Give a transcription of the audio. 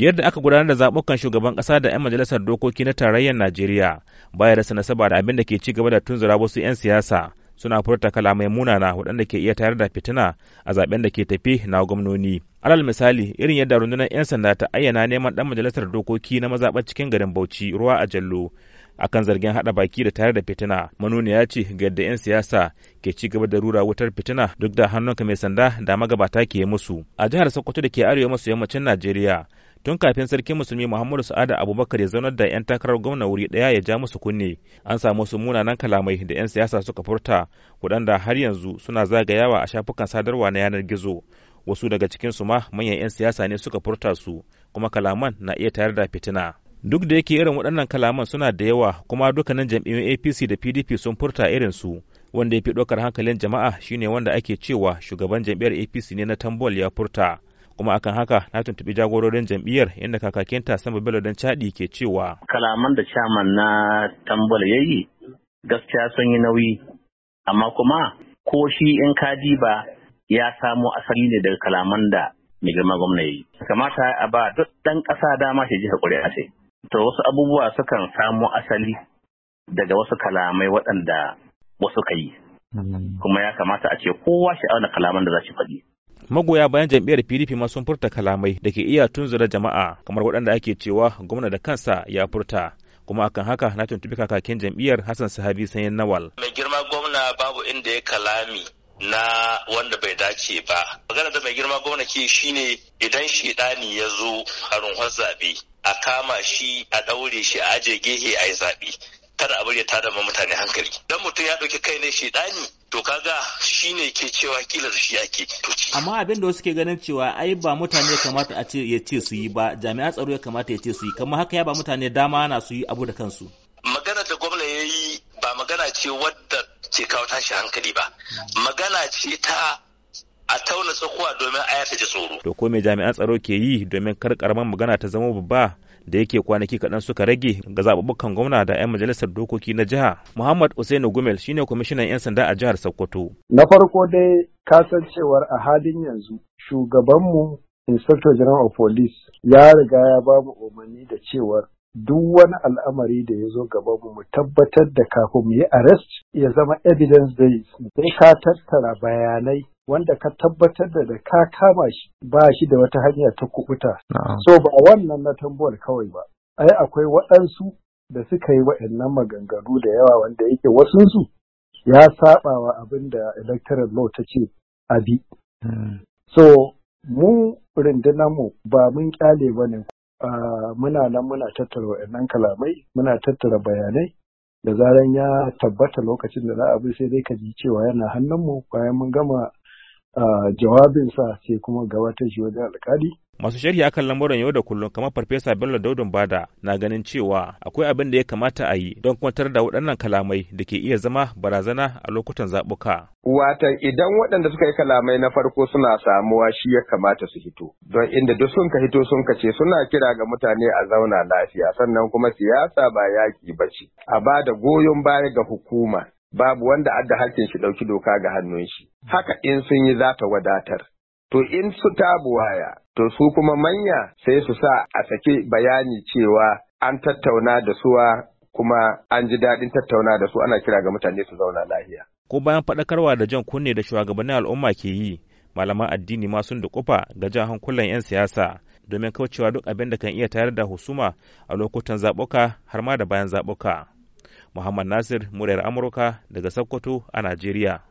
yadda aka gudanar da zaɓukan shugaban ƙasa da 'yan majalisar dokoki na tarayyar najeriya baya rasa nasaba da abin da ke ci gaba da tunzura wasu 'yan siyasa suna furta kalamai munana waɗanda ke iya tayar da fitina a zaben da ke tafi na gwamnoni alal misali irin yadda rundunar 'yan sanda ta ayyana neman ɗan majalisar dokoki na mazaɓar cikin garin bauchi ruwa a jallo akan zargin haɗa baki da tayar da fitina manuniya ce ga yadda 'yan siyasa ke ci gaba da rura wutar fitina duk da hannunka mai sanda da magabata ke musu a jihar sokoto da ke arewa maso yammacin najeriya tun kafin sarkin musulmi muhammadu sa'ada abubakar ya zaunar da 'yan takarar gwamna wuri daya ya ja musu kunne an samu su munanan kalamai da 'yan siyasa suka furta waɗanda har yanzu suna zagayawa a shafukan sadarwa na yanar gizo wasu daga cikinsu ma manyan 'yan siyasa ne suka furta su kuma kalaman na iya tayar da fitina duk da yake irin waɗannan kalaman suna da yawa kuma dukkanin jam'iyyun apc da pdp sun furta irin su wanda ya fi ɗaukar hankalin jama'a shine wanda ake cewa shugaban jam'iyyar apc ne na tambol ya furta kuma akan haka na tuntuɓi jagororin jam'iyyar inda kakakinta sama bello don caɗi ke cewa kalaman da chairman na tambal ya yi gaskiya sun yi nauyi amma kuma ko shi in kadi ba ya samo asali ne daga kalaman da mai girma gwamna ya yi kamata a ba duk ɗan kasa dama shi jiha kuri'a ce to wasu abubuwa sukan samo asali daga wasu kalamai waɗanda wasu ka yi hmm. kuma ya kamata a ce kowa shi auna kalaman da za shi faɗi magoya bayan jam'iyyar pdp ma sun furta kalamai da ke iya tunzura jama'a kamar waɗanda ake cewa gwamna da kansa ya furta kuma akan haka na tuntubi kakakin jam'iyyar hassan sahabi sanyin nawal mai girma gwamna babu inda ya kalami na wanda bai dace ba magana da mai girma gwamna ke shine idan shidani ya zo a runhon zaɓe a kama shi a ɗaure shi a aje gehe a yi zaɓe kada a bari ya tada mutane hankali idan mutum ya ɗauki kai ne shidani to kaga shine ke cewa kila da shi ake to amma abin da wasu ke ganin cewa ai ba mutane kamata a ce ya ce su yi ba jami'an tsaro ya kamata ya ce su yi kamar haka ya ba mutane dama na su yi abu da kansu magana da gwamna ya yi ba magana ce wadda ke kawo tashi hankali ba magana ce ta a tauna tsakuwa domin a ya ji tsoro to ko me jami'an tsaro ke yi domin kar karaman magana ta zama babba da yake kwanaki kaɗan suka rage ga zaɓuɓɓukan gwamna da 'yan majalisar dokoki na jiha. Muhammad Usainu Gumel shine kwamishinan 'yan sanda a jihar Sokoto. Na farko dai kasancewar a halin yanzu shugabanmu Inspector General of Police ya riga ya ba umarni da cewar duk wani al'amari da ya zo gabanmu mu tabbatar da kafin mu yi arrest ya zama evidence based. Sai ka tattara bayanai wanda ka tabbatar da ka kama shi ba shi da wata hanya ta kubuta. So ba wannan na tambuwar kawai ba. Ai akwai waɗansu da suka yi waɗannan maganganu da yawa wanda yake wasunsu ya saɓa wa abin da electoral law ta ce a bi. Hmm. So mu mu ba mun kyale ba ne muna nan muna tattara waɗannan kalamai muna tattara bayanai da zaran ya tabbata lokacin da za a bi sai dai ka ji cewa yana hannunmu bayan mun gama jawabinsa sai kuma gabatar shi wajen alkali masu sharhi akan lamuran yau da kullum kamar farfesa bello Daudun bada na ganin cewa akwai abin da ya kamata a yi don kwantar da waɗannan kalamai da ke iya zama barazana a lokutan zaɓuka. watan idan waɗanda suka yi kalamai na farko suna samuwa shi ya kamata su hito don inda duk sun ka hito sun ka ce suna kira ga mutane a zauna lafiya sannan kuma siyasa ba yaƙi ba ce a ba da goyon baya ga hukuma babu wanda adda hakkin shi ɗauki doka ga hannun shi haka in sun yi za ta wadatar. To in su ta buwaya, to su kuma manya sai su sa a sake bayani cewa an tattauna da suwa kuma an ji daɗin tattauna da su ana kira ga mutane su zauna lahiya. Ko bayan faɗakarwa da jan kunne da shugabannin al'umma ke yi, malaman addini ma sun da kufa ga jan hankulan 'yan siyasa domin kaucewa duk abin da kan iya tayar da husuma a lokutan zaɓuka har ma da bayan zaɓuka. Muhammad Nasir, muryar Amurka daga Sokoto a Najeriya.